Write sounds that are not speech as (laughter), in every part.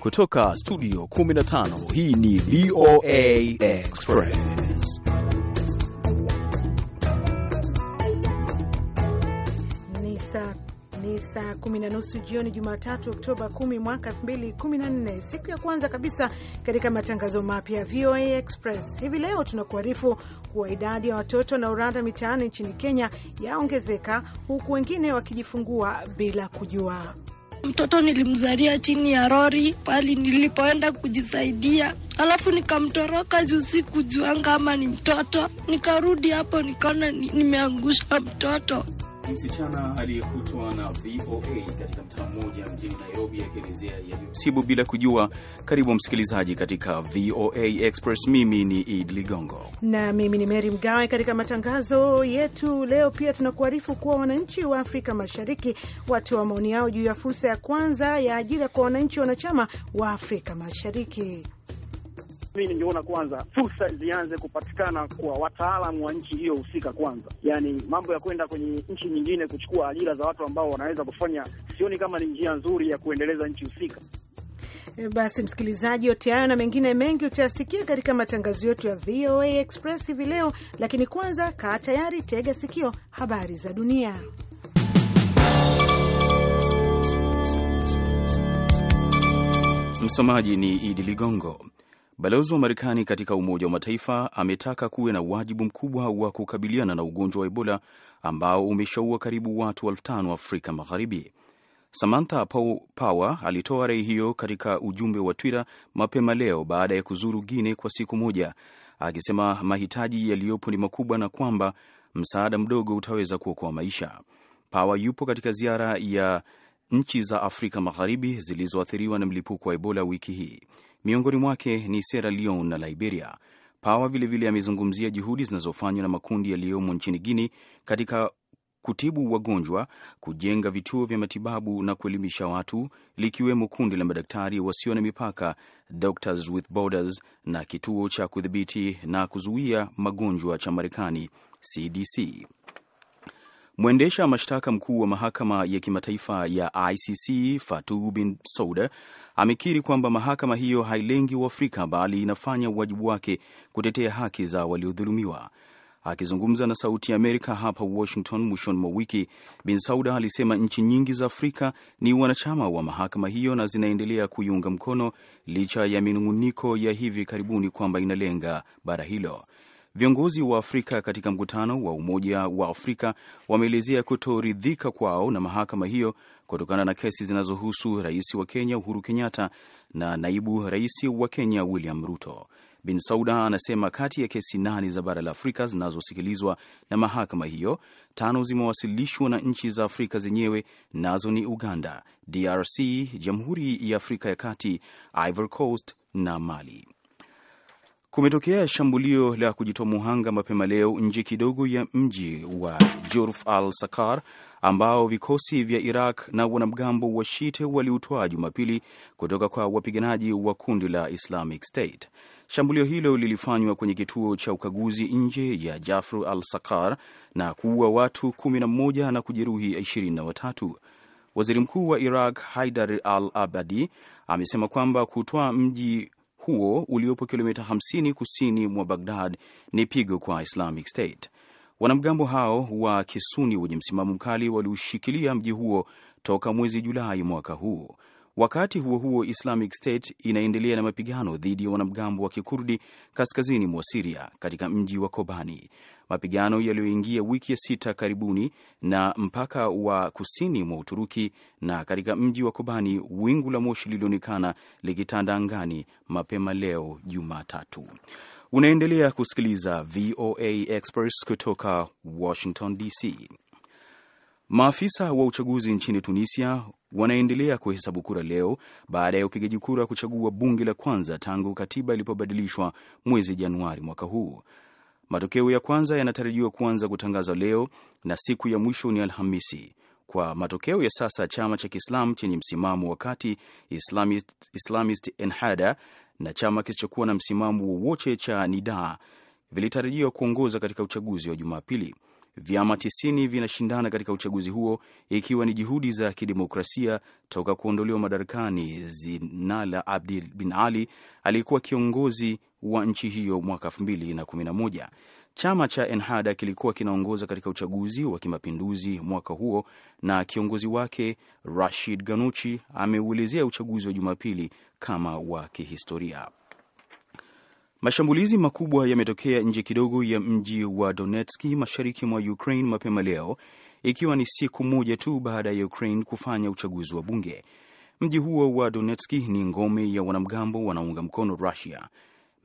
Kutoka studio 15 hii ni VOA Express. Ni saa ni saa kumi na nusu jioni Jumatatu, Oktoba 10 mwaka 2014, siku ya kwanza kabisa katika matangazo mapya ya VOA Express. Hivi leo tunakuarifu kuwa idadi ya watoto na uranda mitaani nchini Kenya yaongezeka, huku wengine wakijifungua bila kujua. Mtoto nilimzalia chini ya rori pali nilipoenda kujisaidia, alafu nikamtoroka juu sikujuanga ama ni mtoto. Nikarudi hapo nikaona nimeangusha mtoto msichana aliyekutwa na VOA katika mtaa mmoja mjini Nairobi akielezea ya yaliyomsibu bila kujua. Karibu msikilizaji katika VOA Express. Mimi ni Id Ligongo na mimi ni Mary Mgawe. Katika matangazo yetu leo pia tunakuarifu kuwa wananchi wa Afrika Mashariki watoa maoni yao juu ya fursa ya kwanza ya ajira kwa wananchi wanachama wa Afrika Mashariki mi ningeona kwanza fursa zianze kupatikana kwa wataalamu wa nchi hiyo husika kwanza, yani mambo ya kwenda kwenye nchi nyingine kuchukua ajira za watu ambao wanaweza kufanya, sioni kama ni njia nzuri ya kuendeleza nchi husika. E, basi msikilizaji, yote hayo na mengine mengi utayasikia katika matangazo yetu ya VOA Express hivi leo, lakini kwanza, kaa tayari, tega sikio, habari za dunia. Msomaji ni Idi Ligongo. Balozi wa Marekani katika Umoja wa Mataifa ametaka kuwe na wajibu mkubwa wa kukabiliana na ugonjwa wa Ebola ambao umeshaua karibu watu elfu tano Afrika Magharibi. Samantha Power alitoa rai hiyo katika ujumbe wa Twitter mapema leo baada ya kuzuru Guine kwa siku moja, akisema mahitaji yaliyopo ni makubwa na kwamba msaada mdogo utaweza kuokoa maisha. Power yupo katika ziara ya nchi za Afrika Magharibi zilizoathiriwa na mlipuko wa Ebola wiki hii. Miongoni mwake ni Sierra Leone na Liberia. Pawa vilevile amezungumzia juhudi zinazofanywa na makundi yaliyomo nchini Guini katika kutibu wagonjwa, kujenga vituo vya matibabu na kuelimisha watu, likiwemo kundi la madaktari wasio na mipaka, Doctors with Borders, na kituo cha kudhibiti na kuzuia magonjwa cha Marekani, CDC. Mwendesha mashtaka mkuu wa mahakama ya kimataifa ya ICC Fatu Bin Souda amekiri kwamba mahakama hiyo hailengi Uafrika bali inafanya wajibu wake kutetea haki za waliodhulumiwa. Akizungumza na Sauti ya Amerika hapa Washington mwishoni mwa wiki, Bin Sauda alisema nchi nyingi za Afrika ni wanachama wa mahakama hiyo na zinaendelea kuiunga mkono licha ya minung'uniko ya hivi karibuni kwamba inalenga bara hilo. Viongozi wa Afrika katika mkutano wa Umoja wa Afrika wameelezea kutoridhika kwao na mahakama hiyo kutokana na kesi zinazohusu rais wa Kenya Uhuru Kenyatta na naibu rais wa Kenya William Ruto. Bin Sauda anasema kati ya kesi nane za bara la Afrika zinazosikilizwa na mahakama hiyo, tano zimewasilishwa na nchi za Afrika zenyewe, nazo ni Uganda, DRC, Jamhuri ya Afrika ya Kati, Ivory Coast na Mali. Kumetokea shambulio la kujitoa muhanga mapema leo nje kidogo ya mji wa Jurf al Sakar ambao vikosi vya Iraq na wanamgambo wa Shite waliutwaa Jumapili kutoka kwa wapiganaji wa kundi la Islamic State. Shambulio hilo lilifanywa kwenye kituo cha ukaguzi nje ya Jafru al Sakar na kuua watu 11 na kujeruhi 23. Waziri Mkuu wa Iraq Haidar al Abadi amesema kwamba kutoa mji huo uliopo kilomita 50 kusini mwa Bagdad ni pigo kwa Islamic State. Wanamgambo hao wa Kisuni wenye msimamo mkali waliushikilia mji huo toka mwezi Julai mwaka huu. Wakati huo huo, Islamic State inaendelea na mapigano dhidi ya wanamgambo wa Kikurdi kaskazini mwa Siria katika mji wa Kobani. Mapigano yaliyoingia wiki ya sita karibuni na mpaka wa kusini mwa Uturuki na katika mji wa Kobani, wingu la moshi lilionekana likitanda angani mapema leo Jumatatu. Unaendelea kusikiliza VOA Express kutoka Washington DC. Maafisa wa uchaguzi nchini Tunisia wanaendelea kuhesabu kura leo baada ya upigaji kura kuchagua bunge la kwanza tangu katiba ilipobadilishwa mwezi Januari mwaka huu. Matokeo ya kwanza yanatarajiwa kuanza kutangazwa leo na siku ya mwisho ni Alhamisi. Kwa matokeo ya sasa, chama cha Kiislamu chenye msimamo wa kati Islamist, Islamist Enhada na chama kisichokuwa na msimamo wowote cha Nidaa vilitarajiwa kuongoza katika uchaguzi wa Jumapili. Vyama tisini vinashindana katika uchaguzi huo, ikiwa ni juhudi za kidemokrasia toka kuondolewa madarakani Zinala Abdin Bin Ali aliyekuwa kiongozi wa nchi hiyo mwaka 2011. Chama cha Ennahda kilikuwa kinaongoza katika uchaguzi wa kimapinduzi mwaka huo, na kiongozi wake Rashid Ganuchi ameuelezea uchaguzi wa Jumapili kama wa kihistoria. Mashambulizi makubwa yametokea nje kidogo ya mji wa donetski mashariki mwa Ukraine mapema leo, ikiwa ni siku moja tu baada ya Ukraine kufanya uchaguzi wa bunge. Mji huo wa donetski ni ngome ya wanamgambo wanaunga mkono Russia.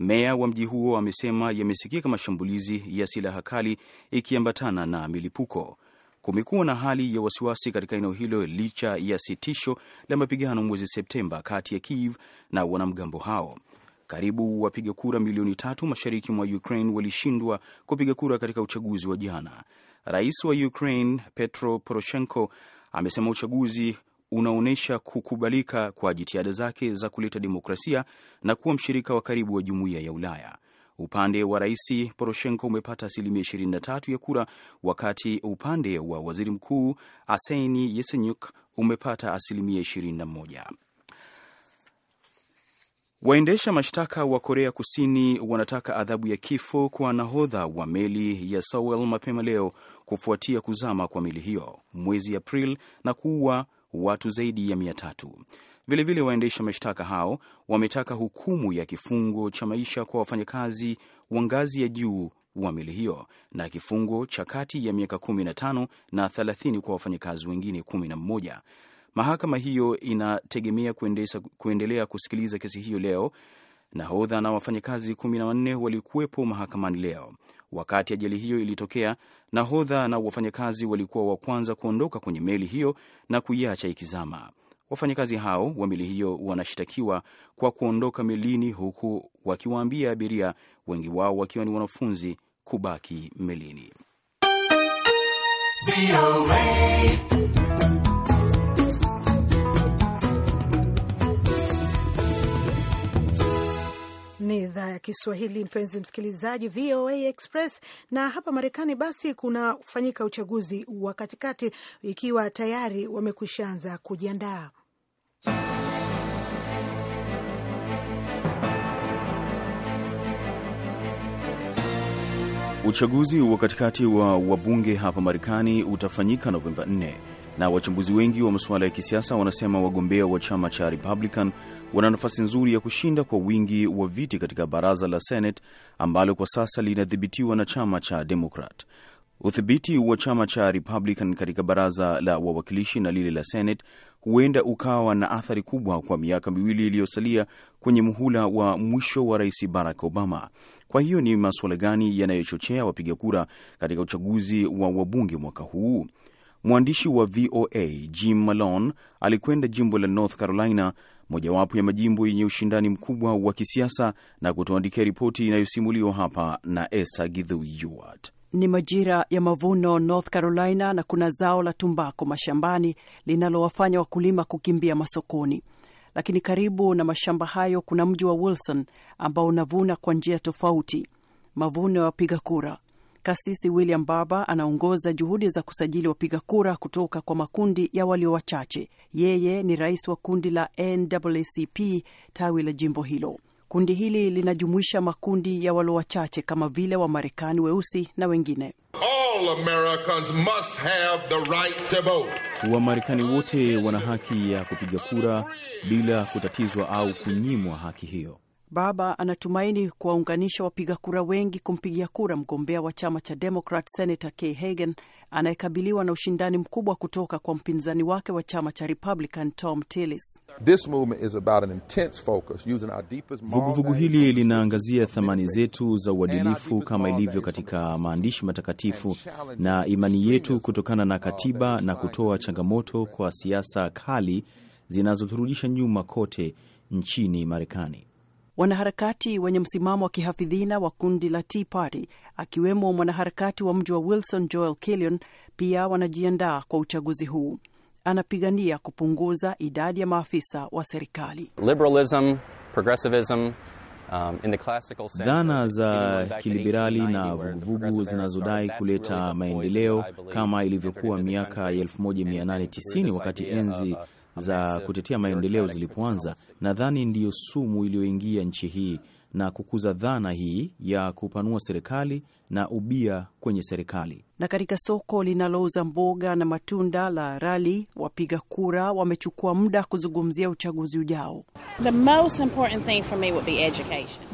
Meya wa mji huo amesema yamesikika mashambulizi ya silaha kali ikiambatana na milipuko. Kumekuwa na hali ya wasiwasi katika eneo hilo licha ya sitisho la mapigano mwezi Septemba kati ya Kiev na wanamgambo hao. Karibu wapiga kura milioni tatu mashariki mwa Ukraine walishindwa kupiga kura katika uchaguzi wa jana. Rais wa Ukraine Petro Poroshenko amesema uchaguzi unaonyesha kukubalika kwa jitihada zake za kuleta demokrasia na kuwa mshirika wa karibu wa jumuiya ya Ulaya. Upande wa rais Poroshenko umepata asilimia 23 ya kura, wakati upande wa waziri mkuu Arseni Yesenyuk umepata asilimia 21. Waendesha mashtaka wa Korea Kusini wanataka adhabu ya kifo kwa nahodha wa meli ya Sewol mapema leo kufuatia kuzama kwa meli hiyo mwezi april na kuua watu zaidi ya mia tatu. Vilevile, waendesha mashtaka hao wametaka hukumu ya kifungo cha maisha kwa wafanyakazi wa ngazi ya juu wa meli hiyo na kifungo cha kati ya miaka 15 na 30 kwa wafanyakazi wengine 11. Mahakama hiyo inategemea kuendelea kusikiliza kesi hiyo leo. Nahodha na wafanyakazi 14 walikuwepo mahakamani leo. Wakati ajali hiyo ilitokea, nahodha na wafanyakazi walikuwa wa kwanza kuondoka kwenye meli hiyo na kuiacha ikizama. Wafanyakazi hao wa meli hiyo wanashtakiwa kwa kuondoka melini, huku wakiwaambia abiria, wengi wao wakiwa ni wanafunzi, kubaki melini. ni idhaa ya Kiswahili, mpenzi msikilizaji, VOA Express. Na hapa Marekani basi kunafanyika uchaguzi wa katikati, ikiwa tayari wamekwishaanza kujiandaa. Uchaguzi wa katikati wa wabunge hapa Marekani utafanyika Novemba na wachambuzi wengi wa masuala ya kisiasa wanasema wagombea wa chama cha Republican wana nafasi nzuri ya kushinda kwa wingi wa viti katika baraza la Senate ambalo kwa sasa linadhibitiwa na chama cha Democrat. uthibiti wa chama cha Republican katika baraza la wawakilishi na lile la Senate huenda ukawa na athari kubwa kwa miaka miwili iliyosalia kwenye muhula wa mwisho wa Rais Barack Obama. Kwa hiyo ni masuala gani yanayochochea wapiga kura katika uchaguzi wa wabunge mwaka huu? Mwandishi wa VOA Jim Malone alikwenda jimbo la North Carolina, mojawapo ya majimbo yenye ushindani mkubwa wa kisiasa, na kutuandikia ripoti inayosimuliwa hapa na Esther Githui Yuart. Ni majira ya mavuno North Carolina, na kuna zao la tumbako mashambani linalowafanya wakulima kukimbia masokoni lakini karibu na mashamba hayo kuna mji wa Wilson ambao unavuna kwa njia tofauti mavuno ya wapiga kura. Kasisi William Barber anaongoza juhudi za kusajili wapiga kura kutoka kwa makundi ya walio wachache. Yeye ni rais wa kundi la NAACP tawi la jimbo hilo. Kundi hili linajumuisha makundi ya walio wachache kama vile Wamarekani weusi na wengine. Right, Wamarekani wote wana haki ya kupiga kura bila kutatizwa au kunyimwa haki hiyo. Baba anatumaini kuwaunganisha wapiga kura wengi kumpigia kura mgombea wa chama cha Demokrat Senator Kay Hagan anayekabiliwa na ushindani mkubwa kutoka kwa mpinzani wake wa chama cha Republican Tom Tillis. Vuguvugu hili linaangazia thamani zetu za uadilifu kama ilivyo katika maandishi matakatifu na imani yetu kutokana na katiba na kutoa changamoto kwa siasa kali zinazoturudisha nyuma kote nchini Marekani. Wanaharakati wenye msimamo wa kihafidhina wa kundi la Tea Party akiwemo mwanaharakati wa mji wa Wilson Joel Killian pia wanajiandaa kwa uchaguzi huu. Anapigania kupunguza idadi ya maafisa wa serikali. Liberalism, progressivism um, dhana za kiliberali na vuguvugu zinazodai kuleta maendeleo kama ilivyokuwa miaka ya 1890 wakati enzi za kutetea maendeleo zilipoanza, nadhani ndiyo sumu iliyoingia nchi hii na kukuza dhana hii ya kupanua serikali na ubia kwenye serikali. Na katika soko linalouza mboga na matunda la Rali, wapiga kura wamechukua muda kuzungumzia uchaguzi ujao.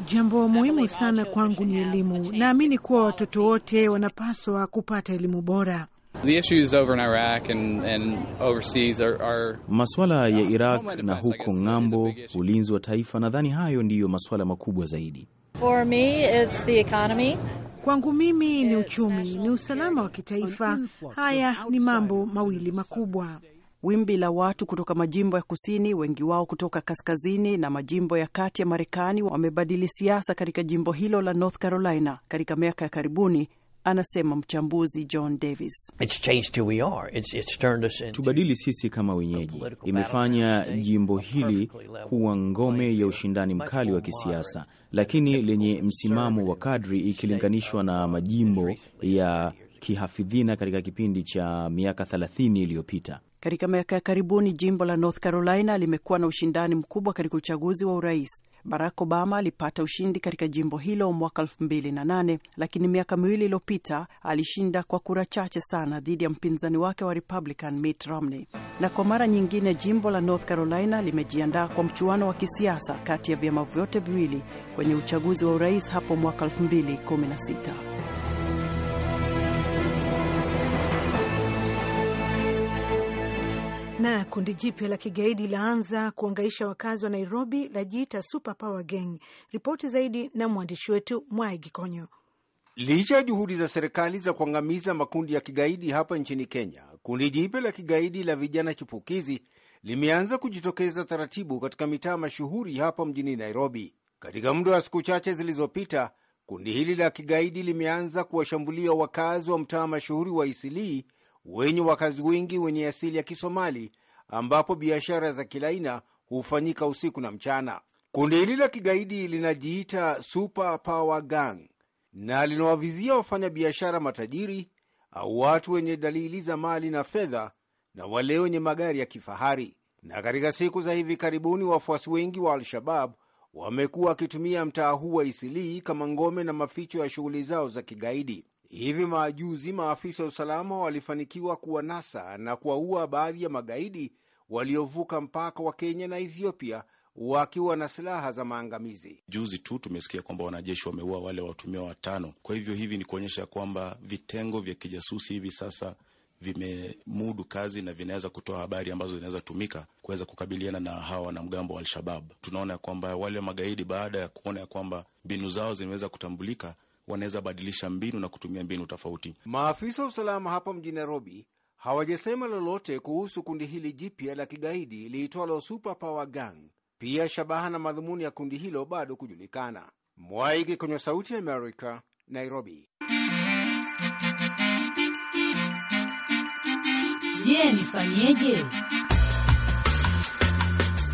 Jambo muhimu sana kwangu ni elimu. Naamini kuwa watoto wote wanapaswa kupata elimu bora. Maswala ya Iraq na huko ng'ambo, ulinzi wa taifa, nadhani hayo ndiyo maswala makubwa zaidi. For me, it's the economy. Kwangu mimi ni uchumi, ni usalama wa kitaifa. Haya ni mambo mawili makubwa. Wimbi la watu kutoka majimbo ya kusini, wengi wao kutoka kaskazini na majimbo ya kati ya Marekani, wamebadili siasa katika jimbo hilo la North Carolina katika miaka ya karibuni anasema mchambuzi John Davis. Tubadili sisi kama wenyeji, imefanya jimbo hili kuwa ngome ya ushindani mkali wa kisiasa, lakini lenye msimamo wa kadri ikilinganishwa na majimbo ya kihafidhina katika kipindi cha miaka 30 iliyopita. Katika miaka ya karibuni jimbo la North Carolina limekuwa na ushindani mkubwa katika uchaguzi wa urais. Barack Obama alipata ushindi katika jimbo hilo mwaka nane lakini miaka miwili iliyopita alishinda kwa kura chache sana dhidi ya mpinzani wake wa Republican Mitt Romney. Na kwa mara nyingine jimbo la North Carolina limejiandaa kwa mchuano wa kisiasa kati ya vyama vyote viwili kwenye uchaguzi wa urais hapo mwaka 2016. Na kundi jipya la kigaidi laanza kuangaisha wakazi wa Nairobi lajiita Super Power Gang. Ripoti zaidi na mwandishi wetu Mwai Gikonyo. Licha ya juhudi za serikali za kuangamiza makundi ya kigaidi hapa nchini Kenya, kundi jipya la kigaidi la vijana chipukizi limeanza kujitokeza taratibu katika mitaa mashuhuri hapa mjini Nairobi. Katika muda wa siku chache zilizopita, kundi hili la kigaidi limeanza kuwashambulia wakazi wa mtaa mashuhuri wa Isilii wenye wakazi wengi wenye asili ya Kisomali, ambapo biashara za kila aina hufanyika usiku na mchana. Kundi hili la kigaidi linajiita Super Power Gang na linawavizia wafanyabiashara matajiri au watu wenye dalili za mali na fedha na wale wenye magari ya kifahari. Na katika siku za hivi karibuni, wafuasi wengi wa Al-Shabab wamekuwa wakitumia mtaa huu wa Isilii kama ngome na maficho ya shughuli zao za kigaidi. Hivi majuzi maafisa wa usalama walifanikiwa kuwanasa na kuwaua baadhi ya magaidi waliovuka mpaka wa Kenya na Ethiopia wakiwa na silaha za maangamizi. Juzi tu tumesikia kwamba wanajeshi wameua wale watumia watano. Kwa hivyo hivi ni kuonyesha kwamba vitengo vya kijasusi hivi sasa vimemudu kazi na vinaweza kutoa habari ambazo zinaweza tumika kuweza kukabiliana na hawa wanamgambo wa Al-Shabab. Tunaona ya kwamba wale magaidi baada ya kuona ya kwamba mbinu zao zimeweza kutambulika, wanaweza badilisha mbinu na kutumia mbinu tofauti. Maafisa wa usalama hapa mjini Nairobi hawajasema lolote kuhusu kundi hili jipya la kigaidi liitwalo Super Power Gang. Pia shabaha na madhumuni ya kundi hilo bado kujulikana. Mwaiki kwenye Sauti ya Amerika, Nairobi. Je, nifanyeje?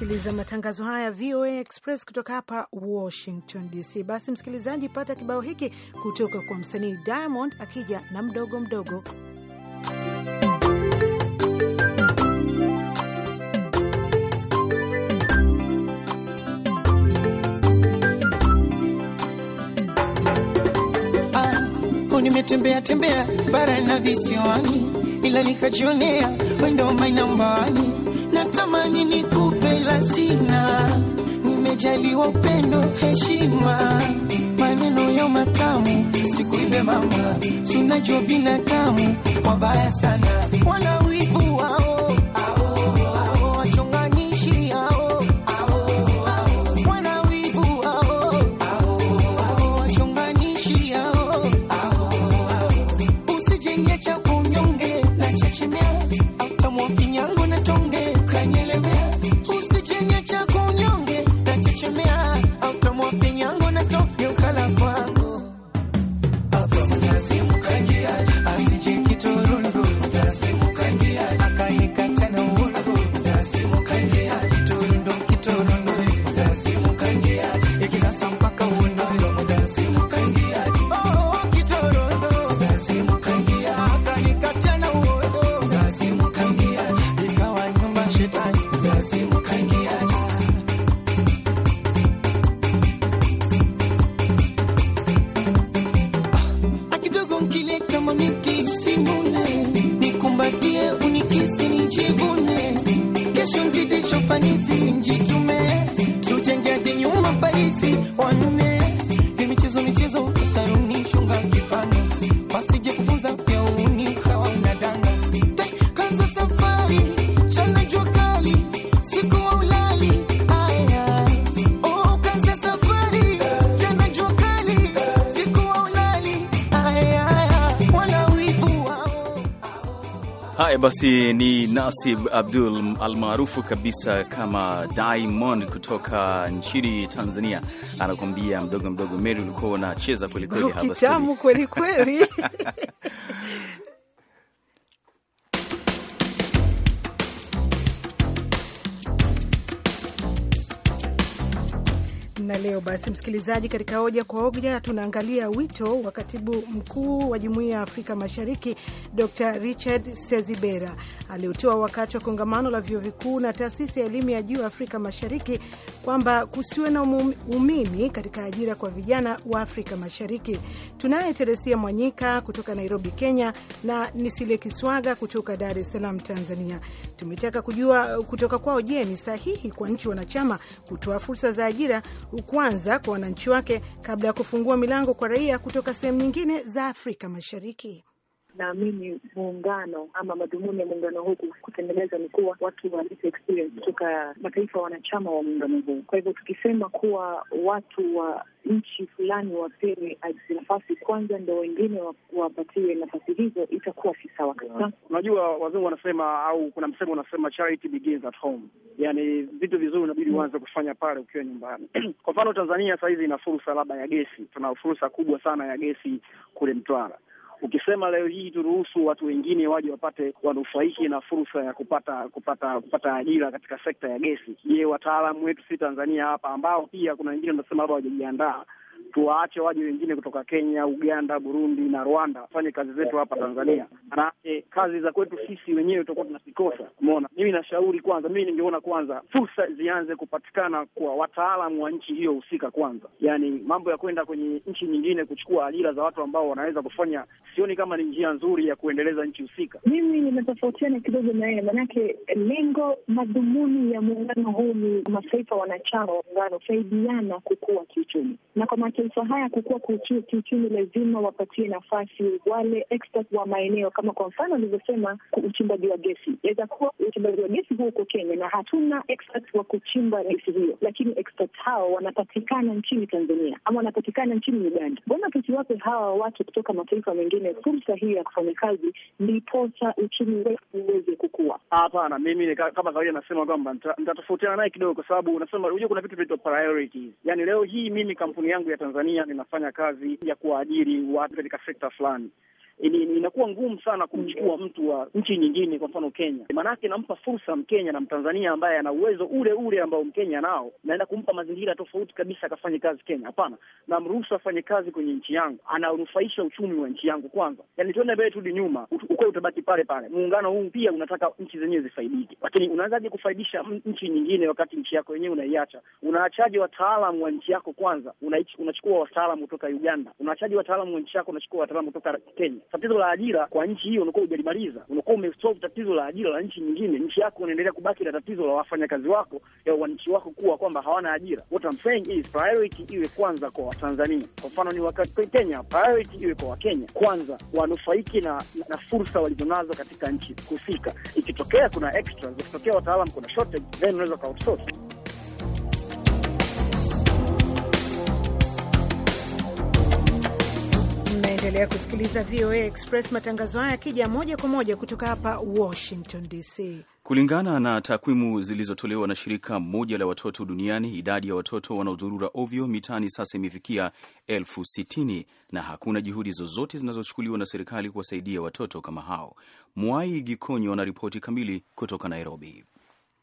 unasikiliza matangazo haya ya VOA Express kutoka hapa Washington DC. Basi msikilizaji, pata kibao hiki kutoka kwa msanii Diamond akija na mdogo mdogo ah, Nimetembea tembea bara na visiwani, ila nikajionea wendo mainambani, natamani niko sina, nimejaliwa upendo, heshima, maneno ya matamu, siku ive mama, sunajua binadamu wabaya sana, wanawivu Ding, ding, Haya basi, ni Nasib Abdul almaarufu kabisa kama Diamond kutoka nchini Tanzania, anakuambia mdogo mdogo. Meri, ulikuwa unacheza kwelikweli, kitamu kwelikweli (laughs) basi, msikilizaji, katika hoja kwa hoja tunaangalia wito wa katibu mkuu wa jumuiya ya Afrika Mashariki Dr Richard Sezibera aliotoa wakati wa kongamano la vyuo vikuu na taasisi ya elimu ya juu Afrika Mashariki kwamba kusiwe na umimi katika ajira kwa vijana wa Afrika Mashariki. Tunaye Teresia Mwanyika kutoka Nairobi, Kenya, na Nisile Kiswaga kutoka Dar es Salaam, Tanzania. Tumetaka kujua kutoka kwao, je, ni sahihi kwa nchi wanachama kutoa fursa za ajira kwanza kwa wananchi wake kabla ya kufungua milango kwa raia kutoka sehemu nyingine za Afrika Mashariki? naamini muungano ama madhumuni ya muungano huu kutengeleza ni kuwa watu walete experience kutoka mataifa wanachama wa muungano huu. Kwa hivyo tukisema kuwa watu wa nchi fulani wapewe nafasi kwanza, ndo wengine wapatiwe nafasi hizo, itakuwa si sawa kabisa. Unajua, wazungu wanasema au kuna msemo unasema charity begins at home, yani vitu vizuri unabidi mm. uanze kufanya pale ukiwa nyumbani. (clears throat) Kwa mfano Tanzania sahizi ina fursa labda ya gesi, tuna fursa kubwa sana ya gesi kule Mtwara Ukisema leo hii turuhusu watu wengine waje wapate wanufaike na fursa ya kupata kupata kupata ajira katika sekta ya gesi, je, wataalamu wetu si Tanzania hapa ambao pia kuna wengine wanasema labda hawajajiandaa tuwaache waje wengine kutoka Kenya, Uganda, Burundi na Rwanda wafanye kazi zetu hapa Tanzania, manake kazi za kwetu sisi wenyewe tutakuwa tunazikosa. Umeona, mimi nashauri kwanza, mimi ningeona kwanza fursa zianze kupatikana kwa wataalamu wa nchi hiyo husika kwanza, yani mambo ya kwenda kwenye nchi nyingine kuchukua ajira za watu ambao wanaweza kufanya, sioni kama ni njia nzuri ya kuendeleza nchi husika. Mimi nimetofautiana kidogo na yeye, manake lengo, madhumuni ya muungano huu ni mataifa wanachama wa muungano saidiana kukua kiuchumi na kwa mataifa haya kukua kiuchumi, lazima wapatie nafasi wale expert wa maeneo, kama kwa mfano alivyosema uchimbaji wa gesi. Inaweza kuwa uchimbaji wa gesi huo uko Kenya na hatuna expert wa kuchimba gesi hiyo, lakini expert hao wanapatikana nchini Tanzania ama wanapatikana nchini Uganda. Mbona tusiwape hawa watu kutoka mataifa mengine fursa hiyo ya kufanya kazi, ndiposa uchumi wetu uweze kukua? Hapana, mimi kama kawaida nasema kwamba nitatofautiana naye kidogo, kwa sababu unasema, unajua kuna vitu vinaitwa priorities. Yani leo hii mimi kampuni yangu ya ya Tanzania ninafanya kazi ya kuwaajiri watu katika sekta fulani. Eh, inakuwa ngumu sana kumchukua mm. mtu wa nchi nyingine, kwa mfano Kenya, maanake nampa fursa Mkenya na Mtanzania ambaye ana uwezo ule ule ambao Mkenya nao, naenda kumpa mazingira tofauti kabisa akafanye kazi Kenya. Hapana, namruhusu afanye kazi kwenye nchi yangu, ananufaisha uchumi wa nchi yangu kwanza. Yani tuende mbele, turudi nyuma, ukweli utabaki pale pale. Muungano huu pia unataka nchi zenyewe zifaidike, lakini unawezaje kufaidisha nchi nyingine wakati nchi yako yenyewe unaiacha? Unaachaje wataalamu wa nchi yako kwanza? Unachukua wataalamu kutoka Uganda, unaachaje wataalamu wa nchi yako, unachukua wataalamu kutoka Kenya tatizo la ajira kwa nchi hiyo unakuwa hujalimaliza, unakuwa umesolve tatizo la ajira la nchi nyingine. Nchi yako unaendelea kubaki na tatizo la wafanyakazi wako ya wananchi wako kuwa kwamba hawana ajira. What I'm saying is priority iwe kwanza kwa Watanzania. Kwa mfano ni wakati Kenya, priority iwe kwa Wakenya kwanza, wanufaike na, na fursa walizonazo katika nchi husika. Ikitokea kuna extras, ikitokea wataalam kuna shortage, then unaweza Unaendelea kusikiliza VOA Express, matangazo haya yakija moja kwa moja kutoka hapa Washington DC. Kulingana na takwimu zilizotolewa na shirika moja la watoto duniani, idadi ya watoto wanaodhurura ovyo mitaani sasa imefikia elfu sitini na hakuna juhudi zozote zinazochukuliwa na serikali kuwasaidia watoto kama hao. Mwai Gikonyo ana ripoti kamili kutoka Nairobi.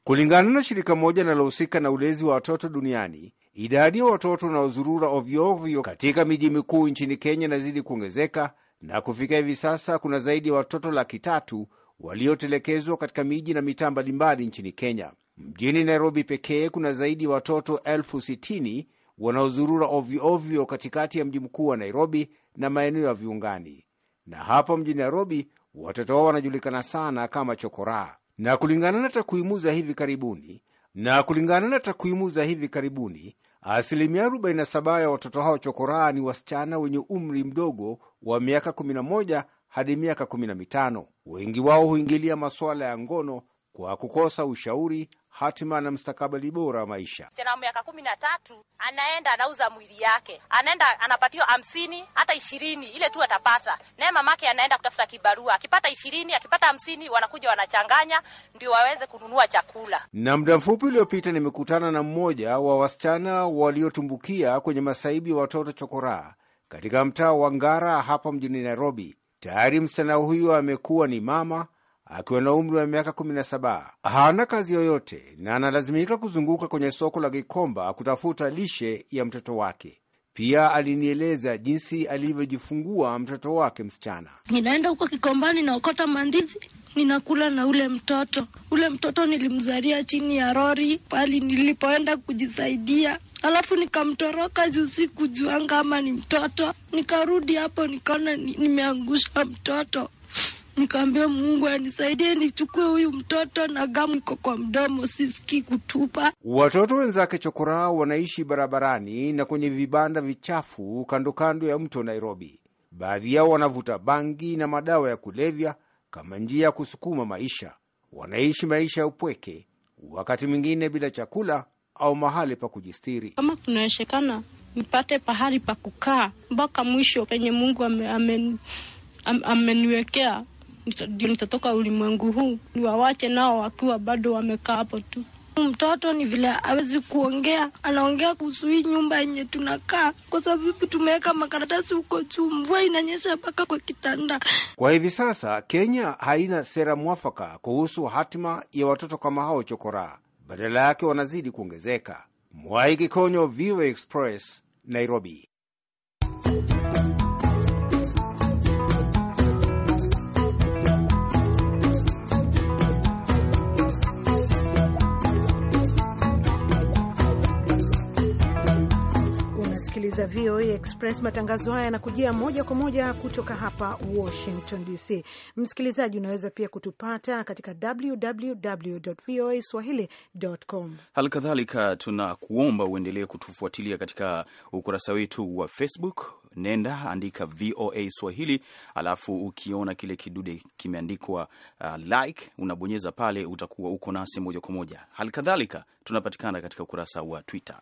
Kulingana na shirika moja linalohusika na ulezi wa watoto duniani, Idadi ya watoto wanaozurura ovyoovyo katika miji mikuu nchini Kenya inazidi kuongezeka na kufikia hivi sasa kuna zaidi ya watoto laki tatu waliotelekezwa katika miji na mitaa mbalimbali nchini Kenya. Mjini Nairobi pekee kuna zaidi ya watoto elfu sitini wanaozurura ovyoovyo katikati ya mji mkuu wa Nairobi na maeneo ya viungani, na hapo mjini Nairobi watoto hao wanajulikana sana kama chokoraa. Na kulingana na takwimu za hivi karibuni na kulingana na takwimu za hivi karibuni, asilimia 47 ya watoto hao chokoraa ni wasichana wenye umri mdogo wa miaka 11 hadi miaka 15. Wengi wao huingilia masuala ya ngono kwa kukosa ushauri hatima na mstakabali bora wa maisha. Msichana wa miaka kumi na tatu anaenda anauza mwili yake, anaenda anapatiwa hamsini hata ishirini ile tu atapata, naye mamake anaenda kutafuta kibarua, akipata ishirini akipata hamsini wanakuja wanachanganya ndio waweze kununua chakula. Na muda mfupi uliopita nimekutana na mmoja wa wasichana waliotumbukia kwenye masaibu ya watoto chokoraa katika mtaa wa Ngara hapa mjini Nairobi. Tayari msichana huyu amekuwa ni mama akiwa na umri wa miaka 17. Hana kazi yoyote na analazimika kuzunguka kwenye soko la Gikomba kutafuta lishe ya mtoto wake. Pia alinieleza jinsi alivyojifungua mtoto wake msichana. Ninaenda huko Kikombani, naokota mandizi ninakula na ule mtoto. Ule mtoto nilimzalia chini ya rori pali nilipoenda kujisaidia, alafu nikamtoroka juu si kujuanga ama ni mtoto. Nikarudi hapo nikaona nimeangusha mtoto, Nikaambia Mungu anisaidie nichukue huyu mtoto na gamu iko kwa mdomo, sisikii kutupa. Watoto wenzake Chokora wanaishi barabarani na kwenye vibanda vichafu kando kando ya mto Nairobi. Baadhi yao wanavuta bangi na madawa ya kulevya kama njia ya kusukuma maisha. Wanaishi maisha ya upweke, wakati mwingine bila chakula au mahali pa kujistiri. Kama kunawezekana nipate pahali pa kukaa mpaka mwisho penye Mungu ameniwekea ame, ame ndio nitatoka ulimwengu huu, niwawache nao wakiwa bado wamekaa hapo tu. Mtoto ni vile awezi kuongea, anaongea kuhusu hii nyumba yenye tunakaa, kwa sababu tumeweka makaratasi huko juu, mvua inanyesha mpaka kwa kitanda. Kwa hivi sasa Kenya haina sera mwafaka kuhusu hatima ya watoto kama hao chokora, badala yake wanazidi kuongezeka. Mwai Kikonyo, VOA Express, Nairobi. unasikiliza VOA Express. Matangazo haya yanakujia moja kwa moja kutoka hapa Washington DC. Msikilizaji, unaweza pia kutupata katika www voa swahili.com. Hali kadhalika tunakuomba uendelee kutufuatilia katika ukurasa wetu wa Facebook. Nenda andika VOA Swahili, alafu ukiona kile kidude kimeandikwa uh, like unabonyeza pale, utakuwa uko nasi moja kwa moja. Hali kadhalika tunapatikana katika ukurasa wa Twitter.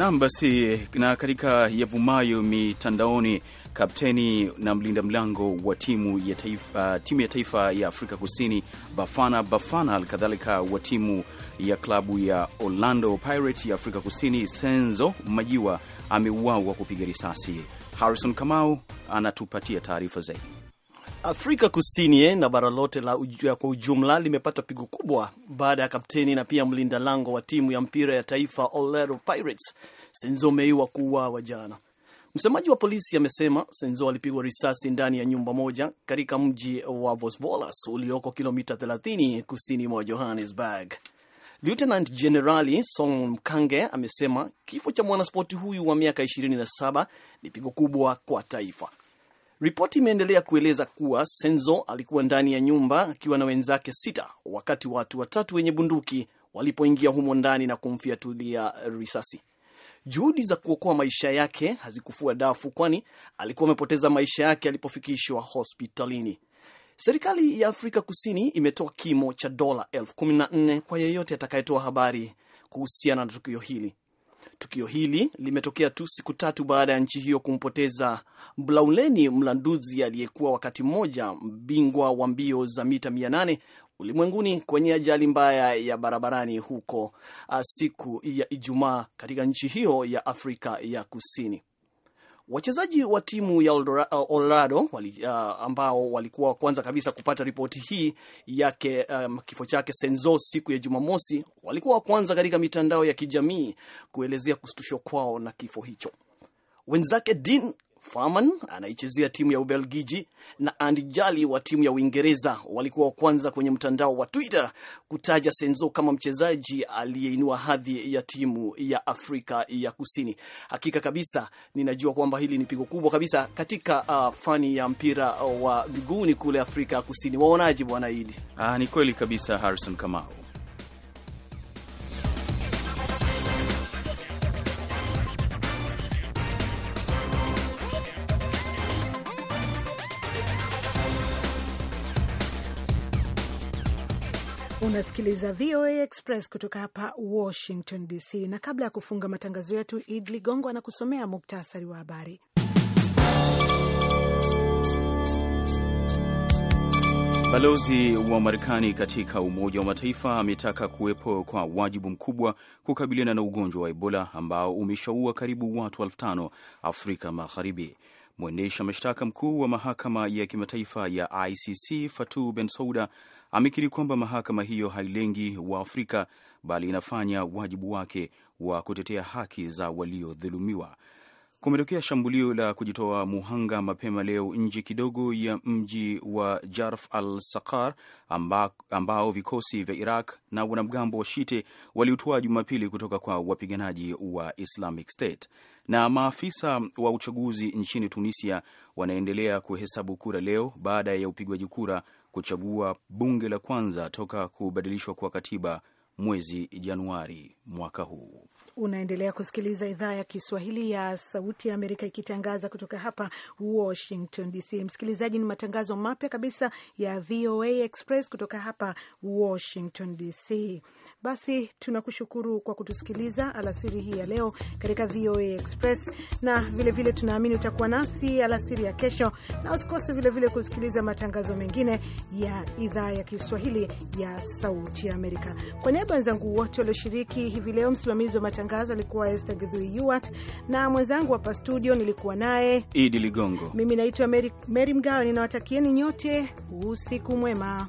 Nam basi, na katika yavumayo mitandaoni, kapteni na mlinda mlango wa timu ya taifa, timu ya taifa ya Afrika Kusini Bafana Bafana, alikadhalika wa timu ya klabu ya Orlando Pirates ya Afrika Kusini Senzo Majiwa ameuawa kwa kupiga risasi. Harrison Kamau anatupatia taarifa zaidi. Afrika Kusini eh, na bara lote la uj kwa ujumla limepata pigo kubwa baada ya kapteni na pia mlinda lango wa timu ya mpira ya taifa Orlando Pirates Senzo Meiwa kuuawa jana. Msemaji wa polisi amesema Senzo alipigwa risasi ndani ya nyumba moja katika mji wa Vosvolas ulioko kilomita 30 kusini mwa Johannesburg. Lieutenant Generali Song Mkange amesema kifo cha mwanaspoti huyu wa miaka 27 ni pigo kubwa kwa taifa. Ripoti imeendelea kueleza kuwa Senzo alikuwa ndani ya nyumba akiwa na wenzake sita wakati watu watatu wenye bunduki walipoingia humo ndani na kumfiatulia risasi. Juhudi za kuokoa maisha yake hazikufua dafu, kwani alikuwa amepoteza maisha yake alipofikishwa hospitalini. Serikali ya Afrika Kusini imetoa kimo cha dola elfu kumi na nne kwa yeyote atakayetoa habari kuhusiana na tukio hili. Tukio hili limetokea tu siku tatu baada ya nchi hiyo kumpoteza Blauleni Mlanduzi aliyekuwa wakati mmoja bingwa wa mbio za mita 800 ulimwenguni kwenye ajali mbaya ya barabarani huko uh, siku ya Ijumaa katika nchi hiyo ya Afrika ya Kusini. Wachezaji wa timu ya Colorado uh, wali, uh, ambao walikuwa wa kwanza kabisa kupata ripoti hii yake um, kifo chake Senzo siku ya Jumamosi, walikuwa wa kwanza katika mitandao ya kijamii kuelezea kustushwa kwao na kifo hicho. Wenzake Dean Farman anaichezea timu ya Ubelgiji na Andy Jali wa timu ya Uingereza walikuwa wa kwanza kwenye mtandao wa Twitter kutaja Senzo kama mchezaji aliyeinua hadhi ya timu ya Afrika ya Kusini. Hakika kabisa, ninajua kwamba hili ni pigo kubwa kabisa katika uh, fani ya mpira wa miguuni kule Afrika ya Kusini. Waonaje bwana Idi? Ah, ni kweli kabisa Harrison Kamau. Unasikiliza VOA Express kutoka hapa Washington DC, na kabla ya kufunga matangazo yetu, Id Ligongo anakusomea muktasari wa habari. Balozi wa Marekani katika Umoja wa Mataifa ametaka kuwepo kwa wajibu mkubwa kukabiliana na ugonjwa wa Ebola ambao umeshaua karibu watu elfu tano Afrika Magharibi. Mwendesha mashtaka mkuu wa mahakama ya kimataifa ya ICC Fatou Bensouda amekiri kwamba mahakama hiyo hailengi wa afrika bali inafanya wajibu wake wa kutetea haki za waliodhulumiwa. Kumetokea shambulio la kujitoa muhanga mapema leo nje kidogo ya mji wa Jarf al Sakar amba, ambao vikosi vya Iraq na wanamgambo wa Shite waliutoa Jumapili kutoka kwa wapiganaji wa Islamic State. Na maafisa wa uchaguzi nchini Tunisia wanaendelea kuhesabu kura leo baada ya upigwaji kura kuchagua bunge la kwanza toka kubadilishwa kwa katiba mwezi Januari mwaka huu. Unaendelea kusikiliza idhaa ya Kiswahili ya Sauti ya Amerika ikitangaza kutoka hapa Washington DC. Msikilizaji, ni matangazo mapya kabisa ya VOA Express kutoka hapa Washington DC. Basi tunakushukuru kwa kutusikiliza alasiri hii ya leo katika VOA Express, na vilevile tunaamini utakuwa nasi alasiri ya kesho, na usikose vilevile kusikiliza matangazo mengine ya idhaa ya Kiswahili ya Sauti ya Amerika. Kwa niaba wenzangu wote walioshiriki hivi leo, msimamizi wa matangazo alikuwa Esther Githui Yuwat, na mwenzangu hapa studio nilikuwa naye Idi Ligongo. Mimi naitwa Mary, Mary Mgawe, ninawatakieni nyote usiku mwema.